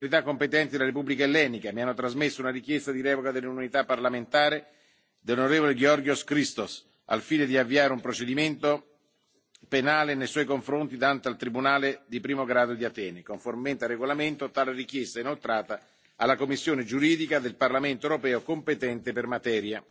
autorità competenti della repubblica ellenica mi hanno trasmesso una richiesta di revoca dell'immunità parlamentare dell'on. georgios christos al fine di avviare un procedimento penale nei suoi confronti davanti al tribunale di primo grado di atene. conformemente al regolamento tale richiesta è inoltrata alla commissione giuridica del parlamento europeo competente per materia.